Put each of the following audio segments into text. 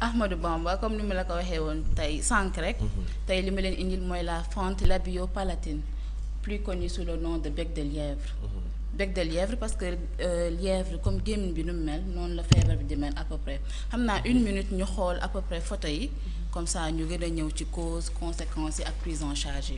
Ahmadou Bamba comme nous l'avons la ko rek. Mhm. la fente plus connue sous le nom de bec de lièvre. Mhm. bec de lièvre parce que euh, lièvre comme game bi nous mel non à peu près une minute ñu à peu près photo mhm. comme ça ñu cause conséquences et prise en charge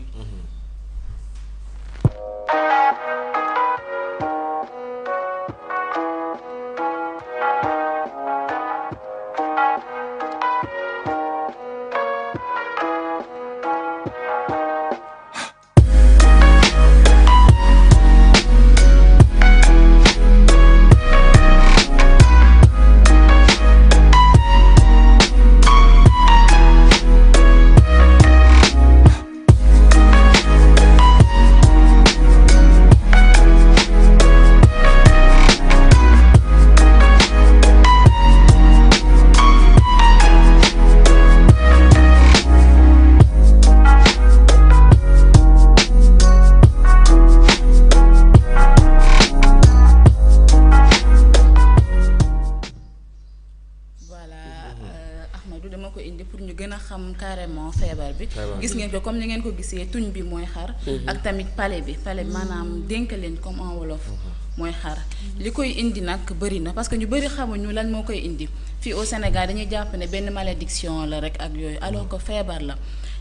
moytu dama ko indi pour ñu gën a xam carrément feebar bi gis ngeen ko comme ni ngeen ko gisee tuñ bi mooy xar mhm. ak tamit palais bi palais bi mhm. maanaam dénk leen comme en wolof mhm. mooy xar li koy indi nag bëri na parce que ñu bëri xamuñu lan moo koy indi fii au Sénégal dañuy jàpp ne benn malédiction la rek ak yooyu alors que feebar la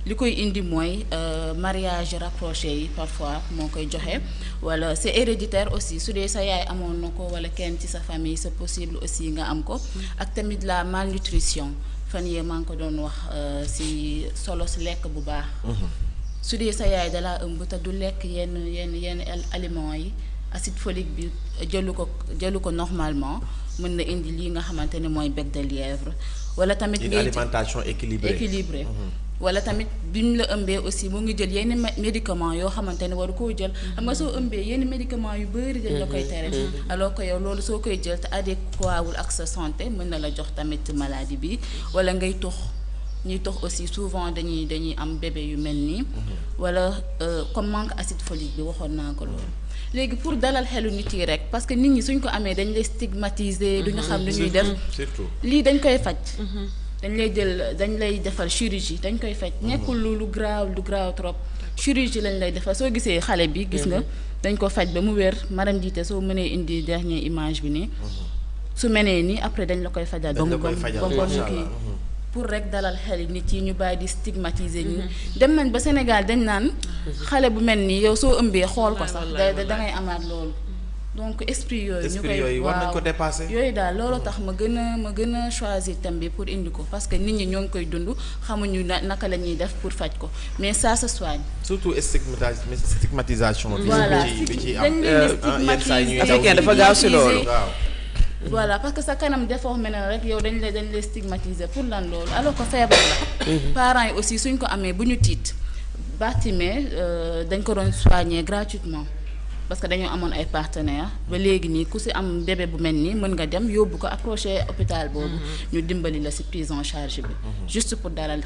li koy indi mooy euh, mariage rapproché yi parfois moo koy joxe wala c'est héréditaire aussi su dee sa yaay amoon na ko wala kenn ci sa famille c'est possible aussi nga am ko ak tamit la malnutrition fan manko don ngi ko wax euh, si solo si lekk bu baax. Mm-hmm. su dee sa yaay la ëmb te du lek yenn yenn yenn aliments yi acide folique bi jëlu ko normalement mën na indi li nga xamante moy mooy bec de lièvre. wala tamit une alimentation équilibrée équilibrée. Mm-hmm. wala tamit bi mu la ëmbee aussi mu ngi jël yenn médicament yoo xamante ne waru koo jël xam nga soo ëmbee yenn médicament yu bëri dañ la koy tere mm-hmm. Mm-hmm. alors ko yow loolu soo koy jël te adéquat wul ak sa santé mën na la jox tamit maladie bi wala ngay tox ñuy tox aussi souvent dañuy dañuy am bébé yu mel nii mm-hmm. wala euh, comme manque acide folique bi waxoon naa ko loolu léegi pour dalal xelu nit yi rek parce que nit ñi suñ ko amee dañ lay stigmatiser duñu xam lu ñuy def surtout lii dañ koy faj dañ lay jël dañ lay defal chirurgie dañ koy faj. Mhm. nekkul lu lu graaw lu graaw trop. chirurgie lañ lay defal soo gisee xale bi gis nga mhm. dañ ko faj ba mu wér maram jiite soo mënee indi dernier image bi nii. Mhm. su menee nii après dañ la koy fajal. dañ la koy fajal kii pour rek dalal xel nit yi ñu bàyyi di stigmatiser ñu. dem nañ ba Sénégal dañ naan. xale bu mel nii yow soo ëmbee xool ko sax. da ngay amaat loolu donc esprit yoy ñu koy war nañ ko dépasser yoy da loolu tax ma gëna ma gëna choisir thème pour indi ko parce que nit ñi ñong ngi koy dund xamuñu naka lañuy def pour fajj ko mais ça se soigne surtout stigmatisation bi ci am africain euh, hein, dafa gaaw si loolu voilà parce que sa kanam déformé na rek yow dañ lay dañ lay stigmatiser pour lan lolu alors que feebar la mhm. parents yi aussi suñ ko amé buñu ñu tiit Bartimée euh, dañ ko doon soigner gratuitement parce que nous avons des partenaires ba léegi nii un am bébé bu mm-hmm. prise en charge mm-hmm. juste pour dalal